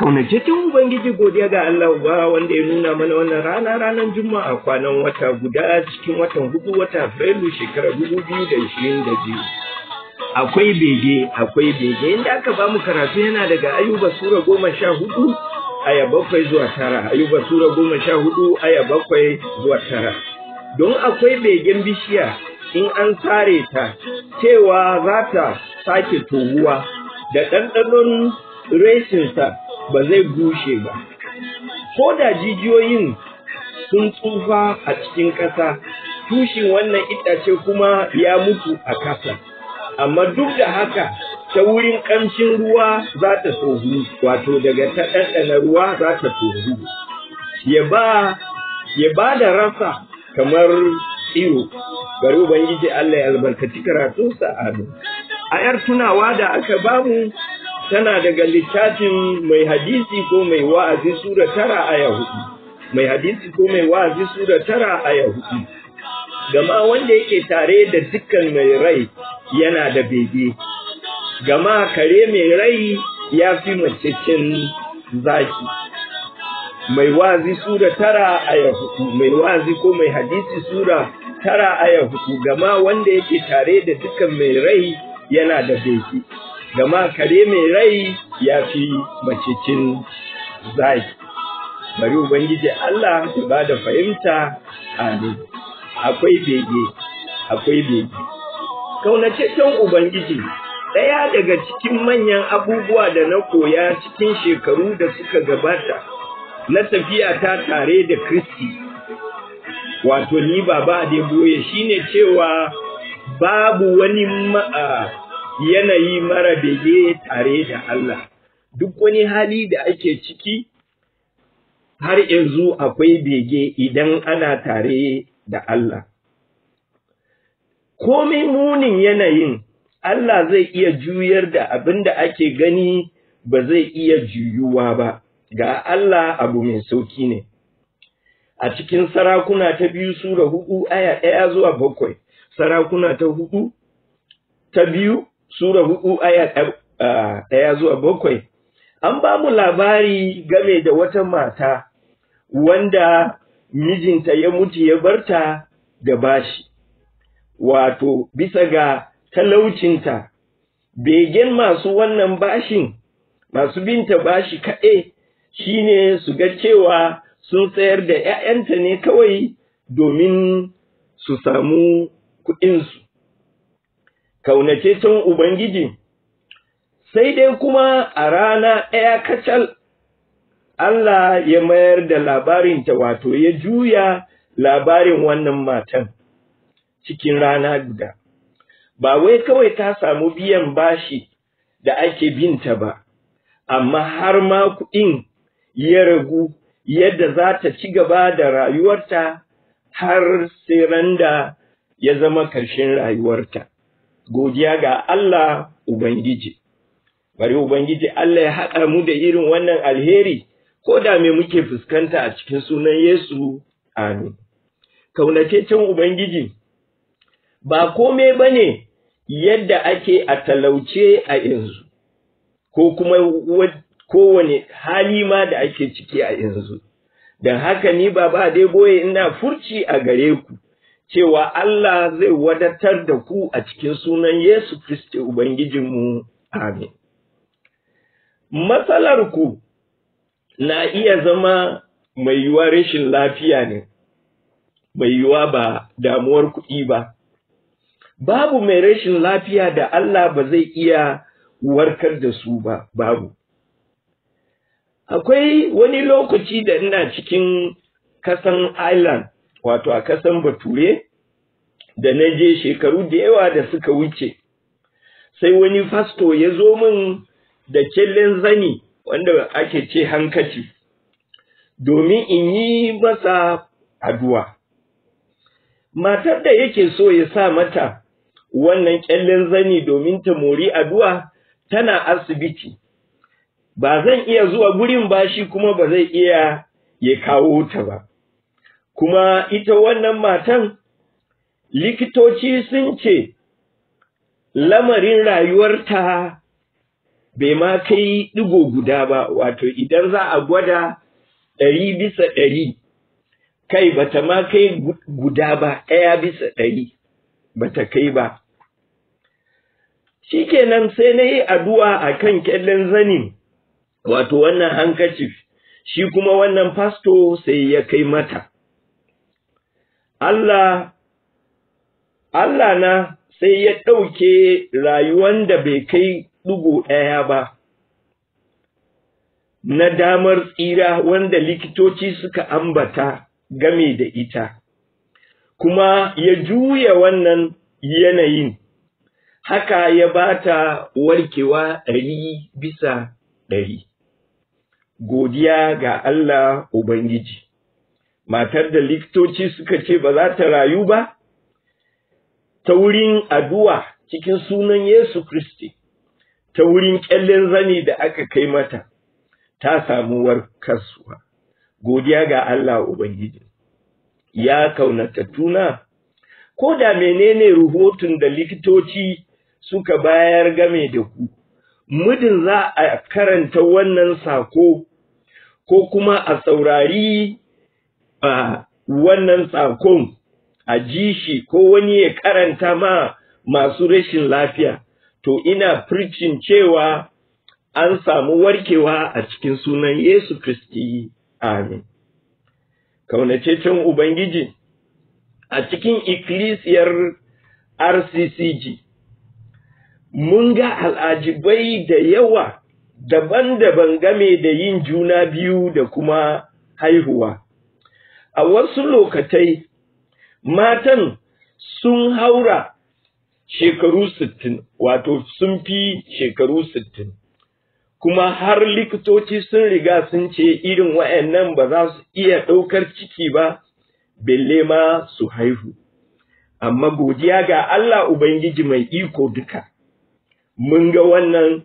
Kaunace tun Ubangiji godiya ga Allah ba wanda ya nuna mana wannan rana ranar Juma'a kwanan wata guda cikin watan hudu wata Fabrairu shekarar dubu biyu da ishirin da biyu. Akwai bege, akwai bege, inda aka ba mu karatu yana daga Ayuba Sura goma sha hudu aya bakwai zuwa tara, Ayuba Sura goma sha hudu aya bakwai zuwa tara. Don akwai begen bishiya in an sare ta, cewa za ta sake tohuwa da ɗanɗanon reshinsa ba zai bushe ba ko da jijiyoyin sun tsufa a cikin ƙasa tushen wannan itace kuma ya mutu a ƙasa amma duk da haka ta wurin ƙamshin ruwa za ta tsohu wato daga ta ɗanɗana ruwa za ta tsohu ya ba da rasa kamar iyo bari ubangiji Allah ya albarkaci karatunsa a 'yar tunawa da aka bamu tana daga littafin mai hadisi ko mai wa'azi sura tara aya hudu mai hadisi ko mai wa'azi sura tara aya hudu gama wanda yake tare da dukkan mai rai yana da bege gama kare mai rai ya fi macicin zaki mai wa'azi sura tara aya hudu mai wa'azi ko mai hadisi sura tara aya hudu gama wanda yake tare da dukkan mai rai yana da bege gama kare mai rai ya fi macicin zaki bari ubangiji Allah ya ba da fahimta amin akwai bege akwai bege kaunataccen ubangiji ɗaya daga cikin manyan abubuwa da na koya cikin shekaru da suka gabata na tafiya ta tare da kristi wato ni baba shi shine cewa babu wani ma'a yanayi mara bege tare da Allah duk wani hali da ake ciki har yanzu akwai bege idan ana tare da Allah komai munin yanayin Allah zai iya juyar da abin da ake gani ba zai iya juyuwa ba, ga Allah abu mai sauki ne. A cikin sarakuna ta biyu Sura hudu aya ɗaya zuwa bakwai, sarakuna ta hudu ta biyu sura hudu aya ɗaya zuwa bakwai an ba mu labari game da wata mata wanda mijinta ya mutu ya barta da bashi wato bisa ga talaucinta begen masu wannan bashin masu binta bashi kaɗai ne su ga cewa sun tsayar da ‘ya'yanta ne kawai domin su samu kuɗinsu. Kaunace kaunataccen Ubangiji, sai dai kuma a rana ɗaya kacal, Allah ya mayar da labarinta wato ya juya labarin wannan matan cikin rana guda. Ba wai kawai ta samu biyan bashi da ake binta ba, amma har ma kuɗin ya ragu yadda za ta ci gaba da rayuwarta har sai randa ya zama ƙarshen rayuwarta. godiya ga Allah Ubangiji. Bari Ubangiji Allah ya haɗa mu da irin wannan alheri, ko da me muke fuskanta a cikin sunan Yesu, amin. Kaunataccen Ubangiji, ba kome ba ne yadda ake a talauce a yanzu, ko kuma kowane hali ma da ake ciki a yanzu. Don haka ni ba ba dai goye ina furci a gare ku. cewa Allah zai wadatar da ku a cikin sunan Yesu Kristi Ubangijinmu, Amin. Matsalarku na iya zama mai yiwuwa rashin lafiya ne, mai yiwuwa ba damuwar kuɗi ba. Babu mai rashin lafiya da Allah ba zai iya warkar da su ba, babu. Akwai wani lokaci da ina cikin kasan Island. wato a kasan bature da na je shekaru da yawa da suka wuce sai wani fasto ya zo min da kyallen zani wanda ake ce hankaci domin in yi masa addu'a matar da yake so ya sa mata wannan ƙyallen zani domin ta mori addu'a tana asibiti ba zan iya zuwa gurin ba shi kuma ba zai iya ya kawo ta ba kuma ita wannan matan likitoci sun ce lamarin rayuwarta bai ma kai ɗigo guda ba wato idan za a gwada ɗari bisa ɗari kai bata ma kai guda ba ɗaya bisa ɗari bata kai ba Shi shikenan sai na yi addu'a a kan kyallen zanin wato wannan hankacif shi kuma wannan fasto sai ya kai mata Allah Allah na sai ya ɗauke rayuwan da bai kai ɗugu ɗaya ba na damar tsira wanda likitoci suka ambata game da ita kuma ya juya wannan yanayin haka ya bata warkewa ɗari bisa ɗari godiya ga Allah Ubangiji matar da likitoci suka ce ba za ta rayu ba ta wurin addu'a cikin sunan Yesu Kristi ta wurin ƙyallen zani da aka kai mata ta samu warkarsuwa godiya ga Allah Ubangiji ya tuna? ko da menene rahoton da likitoci suka bayar game da ku mudin za a karanta wannan sako ko kuma a saurari A wannan sakon a ji shi ko wani ya karanta ma masu rashin lafiya to ina preaching cewa an samu warkewa a cikin sunan Yesu Kristi amin kaunacecen ubangiji a cikin ikkilisiyar RCCG mun ga al'ajibai da yawa daban-daban game da yin juna biyu da kuma haihuwa a wasu lokatai matan sun haura shekaru sittin wato sun fi shekaru sittin kuma har likitoci sun riga sun ce irin wayannan ba za su iya ɗaukar ciki ba belle ma su haihu amma godiya ga Allah Ubangiji mai iko duka mun ga wannan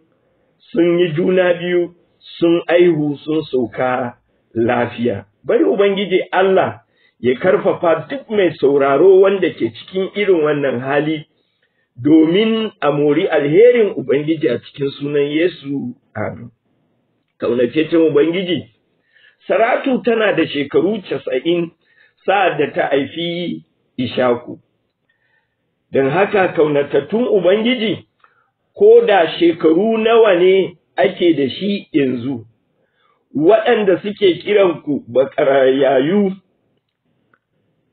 sun yi juna biyu sun aihu sun sauka lafiya bari ubangiji Allah ya karfafa duk mai sauraro wanda ke cikin irin wannan hali domin a mori alherin ubangiji a cikin sunan Yesu amin ta ubangiji Saratu tana da shekaru casa'in sa'ad da ta haifi Ishaku. Don haka kaunatattun Ubangiji, ko da shekaru nawa ne ake da shi yanzu, waɗanda suke kiranku bakarayayu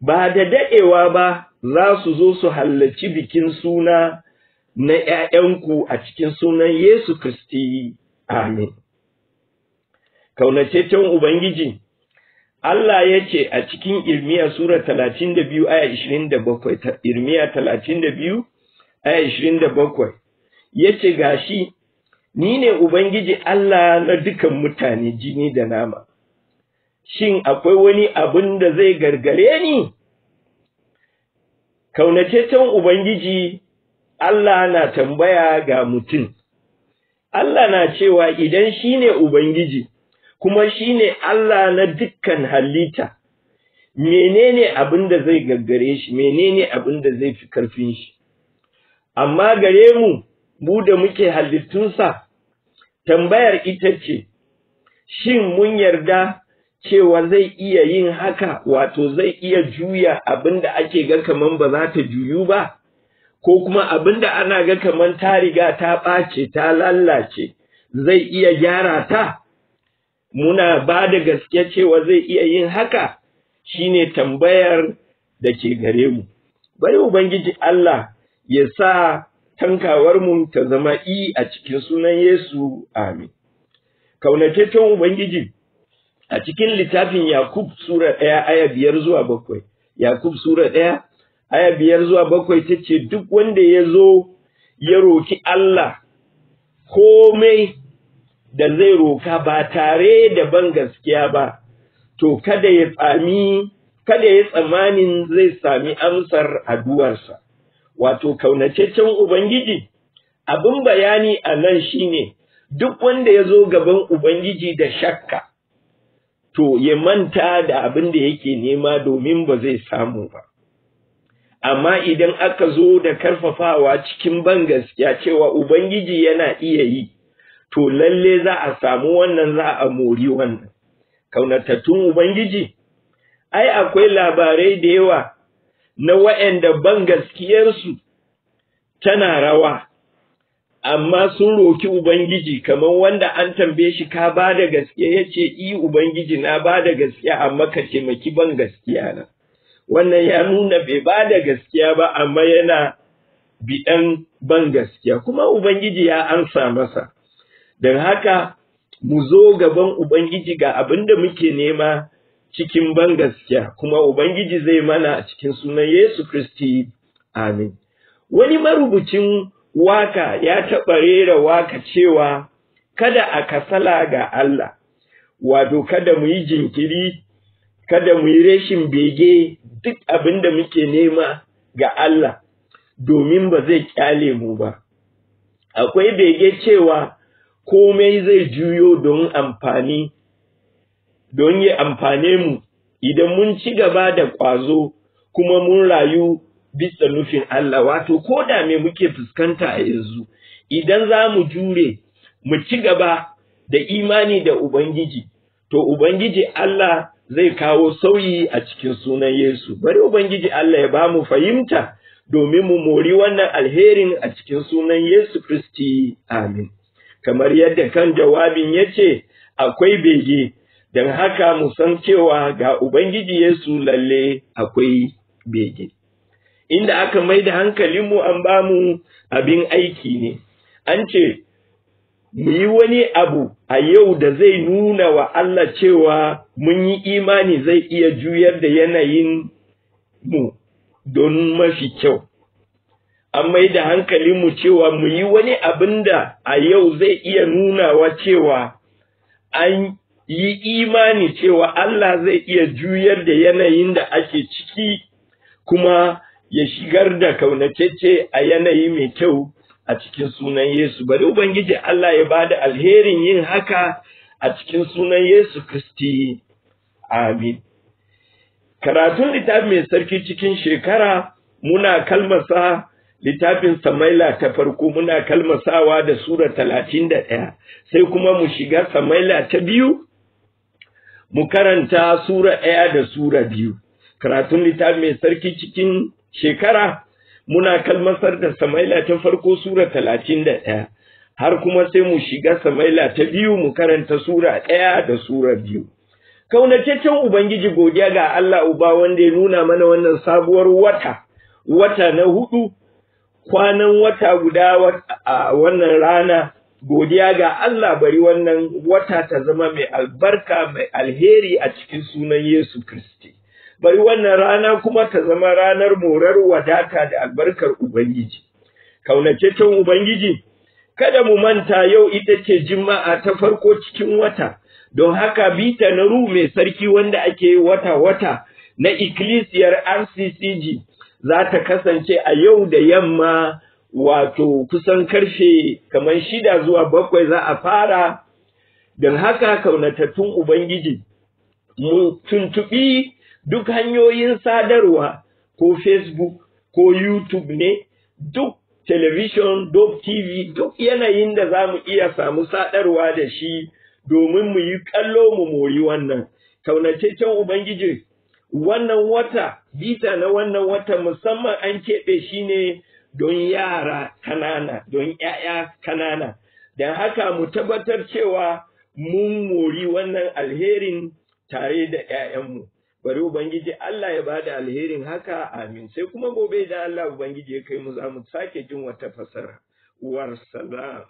ba da daɗewa ba za su zo su halarci bikin suna na ‘ya'yanku a cikin sunan Yesu Kristi, Amin. Kaunataccen Ubangiji, Allah ya ce a cikin Irmiya Sura talatin da biyu aya ishirin da bakwai, Irmiya talatin da biyu aya ishirin da bakwai, ya ce gashi ni ne Ubangiji Allah na dukan mutane jini da nama, shin akwai wani abin da zai gargare ni? Kaunataccen Ubangiji Allah na tambaya ga mutum, Allah na cewa idan shi ne Ubangiji, kuma shi ne Allah na dukkan halitta, menene abin da zai gaggare shi, menene abin da zai fi karfin shi. Amma gare mu, mu da muke halittunsa tambayar ita ce shin mun yarda cewa zai iya yin haka wato zai iya juya abin da ake ga kaman ba za ta juyu ba ko kuma abin da ana ga kaman ta riga ta ɓace ta lallace zai iya gyara ta muna ba da gaske cewa zai iya yin haka shine tambayar da ke gare mu bari ubangiji Allah ya sa tankawarmu ta zama i a cikin sunan Yesu, amin. Kaunataccen Ubangiji, a cikin littafin Yakub Sura ɗaya aya biyar zuwa bakwai, Yakub Sura ɗaya aya biyar zuwa bakwai ta ce duk wanda ya zo ya roki Allah komai da zai roka ba tare da ban gaskiya ba, to kada ya tsami, kada ya tsamanin zai sami amsar addu'arsa. wato kaunataccen Ubangiji, abin bayani a nan shi ne, duk wanda ya zo gaban Ubangiji da shakka, to ya manta da abin da yake nema domin ba zai samu ba. Amma idan aka zo da karfafawa cikin ban gaskiya cewa Ubangiji yana iya yi, to lalle za a samu wannan za a mori wannan. Kaunatattun Ubangiji, ai akwai labarai da yawa na waɗanda ban gaskiyarsu tana rawa, amma sun roki Ubangiji kamar wanda an tambaye shi ka ba da gaskiya ya ce, I Ubangiji na ba da gaskiya amma ka taimaki ban gaskiya na. Wannan ya nuna bai ba da gaskiya ba amma yana biɗan ban gaskiya, kuma Ubangiji ya amsa masa. Don haka, mu zo gaban Ubangiji ga abin da muke nema cikin ban gaskiya kuma ubangiji zai mana cikin sunan Yesu Kristi amin wani marubucin waka ya taɓa rera waka cewa kada a kasala ga Allah wato kada mu yi jinkiri kada mu yi reshin bege duk abin da muke nema ga Allah domin ba zai kyale mu ba akwai bege cewa komai zai juyo don amfani don ya amfane mu idan mun ci gaba da ƙwazo kuma mun rayu bisa nufin Allah wato ko da me muke fuskanta a yanzu idan za mu jure mu ci gaba da imani da Ubangiji to Ubangiji Allah zai kawo sauyi a cikin sunan Yesu bari Ubangiji Allah ya ba mu fahimta domin mu mori wannan alherin a cikin sunan Yesu Kristi amin kamar yadda kan jawabin ya ce, akwai bege don haka mu san cewa ga Ubangiji Yesu lalle akwai bege. Inda aka mai da hankalinmu an ba mu abin aiki ne, an ce, mu yi wani abu a yau da zai nuna wa Allah cewa mun yi imani zai iya juyar da yanayin mu don mafi kyau. An mai da hankalinmu cewa mu yi wani abin da a yau zai iya nuna wa cewa an yi imani cewa Allah zai iya juyar da yanayin da ake ciki kuma ya shigar da kaunacece a yanayi mai kyau a cikin sunan Yesu bari ubangiji Allah ya bada alherin yin haka a cikin sunan Yesu Kristi amin karatun littafin mai sarki cikin shekara muna kalmasa littafin samaila ta farko muna kalmasawa da sura talatin da ɗaya sai kuma mu shiga samaila ta biyu mu karanta sura ɗaya da sura biyu karatun littafi mai sarki cikin shekara muna kalmasar da samaila ta farko sura talatin da ɗaya har kuma sai mu shiga samaila ta biyu mu karanta sura ɗaya da sura biyu kaunataccen ubangiji godiya ga Allah uba wanda ya nuna mana wannan sabuwar wata wata na hudu kwanan wata guda wannan rana godiya ga Allah bari wannan wata ta zama mai albarka mai alheri a cikin sunan Yesu Kristi bari wannan rana kuma ta zama ranar morar wadata da albarkar Ubangiji ta Ubangiji kada mu manta yau ita ce jima'a ta farko cikin wata don haka bita na ruhu mai sarki wanda ake wata-wata na Ikilisiyar RCCG za ta kasance a yau da yamma wato kusan karfe kamar shida zuwa bakwai za a fara don haka kaunatattun ubangiji mu tuntuɓi duk hanyoyin sadarwa ko facebook ko youtube ne duk television duk tv duk yanayin da za mu iya samu sadarwa da shi domin mu yi kallo mu mori wannan kaunataccen ubangiji wannan wata bita na wannan wata musamman an keɓe shi ne don yara kanana don ‘ya'ya kanana don haka mu tabbatar cewa mun mori wannan alherin tare da ‘ya'yanmu bari ubangiji Allah ya ba da alherin haka amin sai kuma gobe da Allah ubangiji ya kai mu za mu sake jin wata fasara war salam